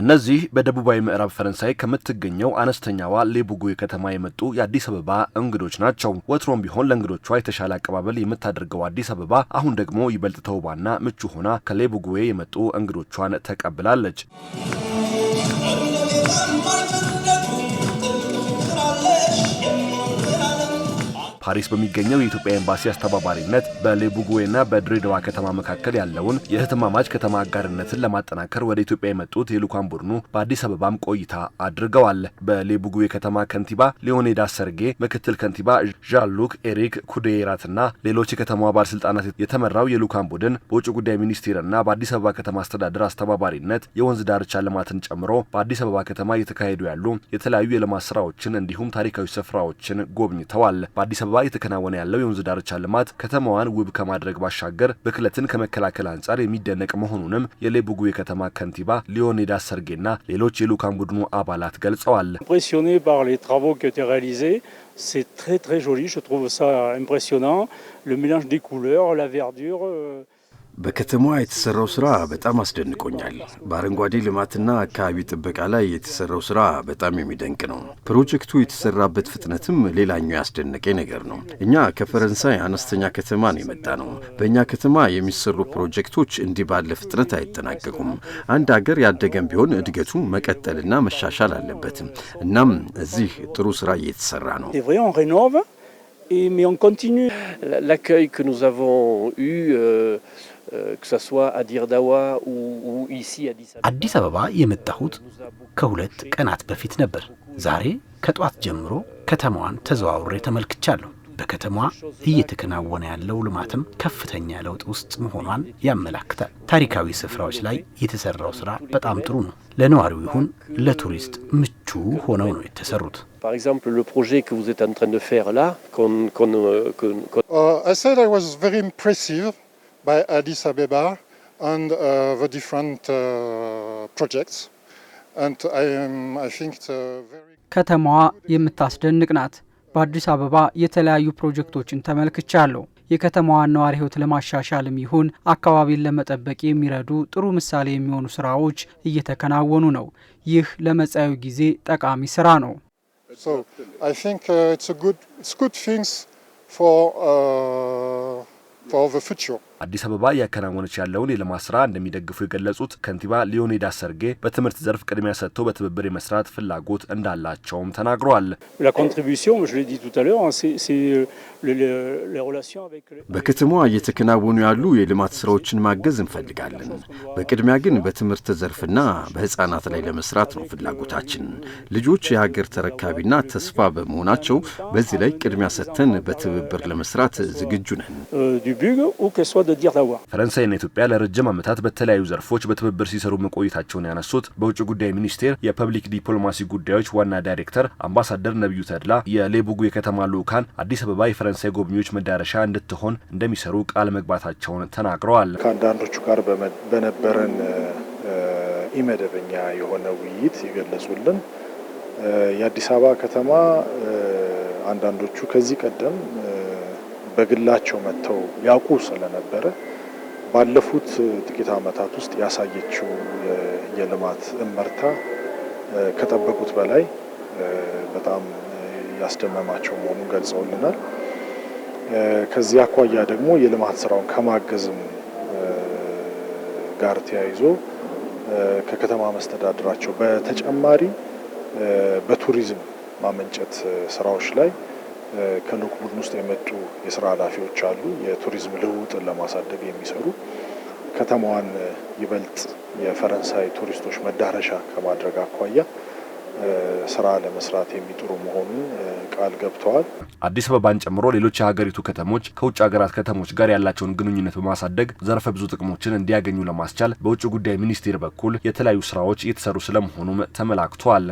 እነዚህ በደቡባዊ ምዕራብ ፈረንሳይ ከምትገኘው አነስተኛዋ ሌቡጉ ከተማ የመጡ የአዲስ አበባ እንግዶች ናቸው። ወትሮም ቢሆን ለእንግዶቿ የተሻለ አቀባበል የምታደርገው አዲስ አበባ አሁን ደግሞ ይበልጥ ተውባና ምቹ ሆና ከሌቡጉዌ የመጡ እንግዶቿን ተቀብላለች። ፓሪስ በሚገኘው የኢትዮጵያ ኤምባሲ አስተባባሪነት በሌቡጉዌና በድሬዳዋ ከተማ መካከል ያለውን የህትማማች ከተማ አጋርነትን ለማጠናከር ወደ ኢትዮጵያ የመጡት የልዑካን ቡድኑ በአዲስ አበባም ቆይታ አድርገዋል። በሌቡጉዌ ከተማ ከንቲባ ሊዮኔዳስ ሰርጌ፣ ምክትል ከንቲባ ዣሉክ፣ ኤሪክ ኩዴራትና ሌሎች የከተማዋ ባለስልጣናት የተመራው የልዑካን ቡድን በውጭ ጉዳይ ሚኒስቴርና በአዲስ አበባ ከተማ አስተዳደር አስተባባሪነት የወንዝ ዳርቻ ልማትን ጨምሮ በአዲስ አበባ ከተማ እየተካሄዱ ያሉ የተለያዩ የልማት ስራዎችን እንዲሁም ታሪካዊ ስፍራዎችን ጎብኝተዋል። በአዲስ አበባ አበባ እየተከናወነ ያለው የወንዝ ዳርቻ ልማት ከተማዋን ውብ ከማድረግ ባሻገር ብክለትን ከመከላከል አንጻር የሚደነቅ መሆኑንም የሌቡጉ የከተማ ከንቲባ ሊዮኔዳ ሰርጌና ሌሎች የልዑካን ቡድኑ አባላት ገልጸዋል። C'est très très joli, je trouve ሳ impressionnant, le mélange des couleurs, la verdure. Euh, በከተማዋ የተሰራው ስራ በጣም አስደንቆኛል። በአረንጓዴ ልማትና አካባቢ ጥበቃ ላይ የተሰራው ስራ በጣም የሚደንቅ ነው። ፕሮጀክቱ የተሰራበት ፍጥነትም ሌላኛው ያስደነቀኝ ነገር ነው። እኛ ከፈረንሳይ አነስተኛ ከተማ ነው የመጣ ነው። በእኛ ከተማ የሚሰሩ ፕሮጀክቶች እንዲህ ባለ ፍጥነት አይጠናቀቁም። አንድ አገር ያደገም ቢሆን እድገቱ መቀጠልና መሻሻል አለበትም። እናም እዚህ ጥሩ ስራ እየተሰራ ነው። mais on continue l'accueil አዲስ አበባ የመጣሁት ከሁለት ቀናት በፊት ነበር። ዛሬ ከጧት ጀምሮ ከተማዋን ተዘዋውሬ ተመልክቻለሁ። በከተማዋ እየተከናወነ ያለው ልማትም ከፍተኛ ለውጥ ውስጥ መሆኗን ያመላክታል። ታሪካዊ ስፍራዎች ላይ የተሰራው ስራ በጣም ጥሩ ነው። ለነዋሪው ይሁን ለቱሪስት ምቹ ሆነው ነው የተሰሩት። impressive. by Addis Abeba and uh, the different uh, projects. And I, am, I think it's a very ከተማዋ የምታስደንቅ ናት። በአዲስ አበባ የተለያዩ ፕሮጀክቶችን ተመልክቻለሁ። የከተማዋን ነዋሪ ሕይወት ለማሻሻልም ይሁን አካባቢን ለመጠበቅ የሚረዱ ጥሩ ምሳሌ የሚሆኑ ስራዎች እየተከናወኑ ነው። ይህ ለመጻዩ ጊዜ ጠቃሚ ስራ ነው። ሶ አዲስ አበባ እያከናወነች ያለውን የልማት ስራ እንደሚደግፉ የገለጹት ከንቲባ ሊዮኔዳስ ሰርጌ በትምህርት ዘርፍ ቅድሚያ ሰጥተው በትብብር የመስራት ፍላጎት እንዳላቸውም ተናግረዋል። በከተማዋ እየተከናወኑ ያሉ የልማት ስራዎችን ማገዝ እንፈልጋለን። በቅድሚያ ግን በትምህርት ዘርፍና በህፃናት ላይ ለመስራት ነው ፍላጎታችን። ልጆች የሀገር ተረካቢና ተስፋ በመሆናቸው በዚህ ላይ ቅድሚያ ሰጥተን በትብብር ለመስራት ዝግጁ ነን። euh, ፈረንሳይና ኢትዮጵያ ለረጅም ዓመታት በተለያዩ ዘርፎች በትብብር ሲሰሩ መቆየታቸውን ያነሱት በውጭ ጉዳይ ሚኒስቴር የፐብሊክ ዲፕሎማሲ ጉዳዮች ዋና ዳይሬክተር አምባሳደር ነቢዩ ተድላ የሌቡጉ የከተማ ልዑካን አዲስ አበባ የፈረንሳይ ጎብኚዎች መዳረሻ እንድትሆን እንደሚሰሩ ቃል መግባታቸውን ተናግረዋል። ከአንዳንዶቹ ጋር በነበረን ኢመደበኛ የሆነ ውይይት የገለጹልን የአዲስ አበባ ከተማ አንዳንዶቹ ከዚህ ቀደም በግላቸው መጥተው ያውቁ ስለነበረ ባለፉት ጥቂት ዓመታት ውስጥ ያሳየችው የልማት እመርታ ከጠበቁት በላይ በጣም ያስደመማቸው መሆኑን ገልጸውልናል። ከዚህ አኳያ ደግሞ የልማት ስራውን ከማገዝም ጋር ተያይዞ ከከተማ መስተዳድራቸው በተጨማሪ በቱሪዝም ማመንጨት ስራዎች ላይ ከልዑክ ቡድን ውስጥ የመጡ የስራ ኃላፊዎች አሉ። የቱሪዝም ልውውጥን ለማሳደግ የሚሰሩ ከተማዋን ይበልጥ የፈረንሳይ ቱሪስቶች መዳረሻ ከማድረግ አኳያ ስራ ለመስራት የሚጥሩ መሆኑን ቃል ገብተዋል። አዲስ አበባን ጨምሮ ሌሎች የሀገሪቱ ከተሞች ከውጭ ሀገራት ከተሞች ጋር ያላቸውን ግንኙነት በማሳደግ ዘርፈ ብዙ ጥቅሞችን እንዲያገኙ ለማስቻል በውጭ ጉዳይ ሚኒስቴር በኩል የተለያዩ ስራዎች እየተሰሩ ስለመሆኑም ተመላክቷል።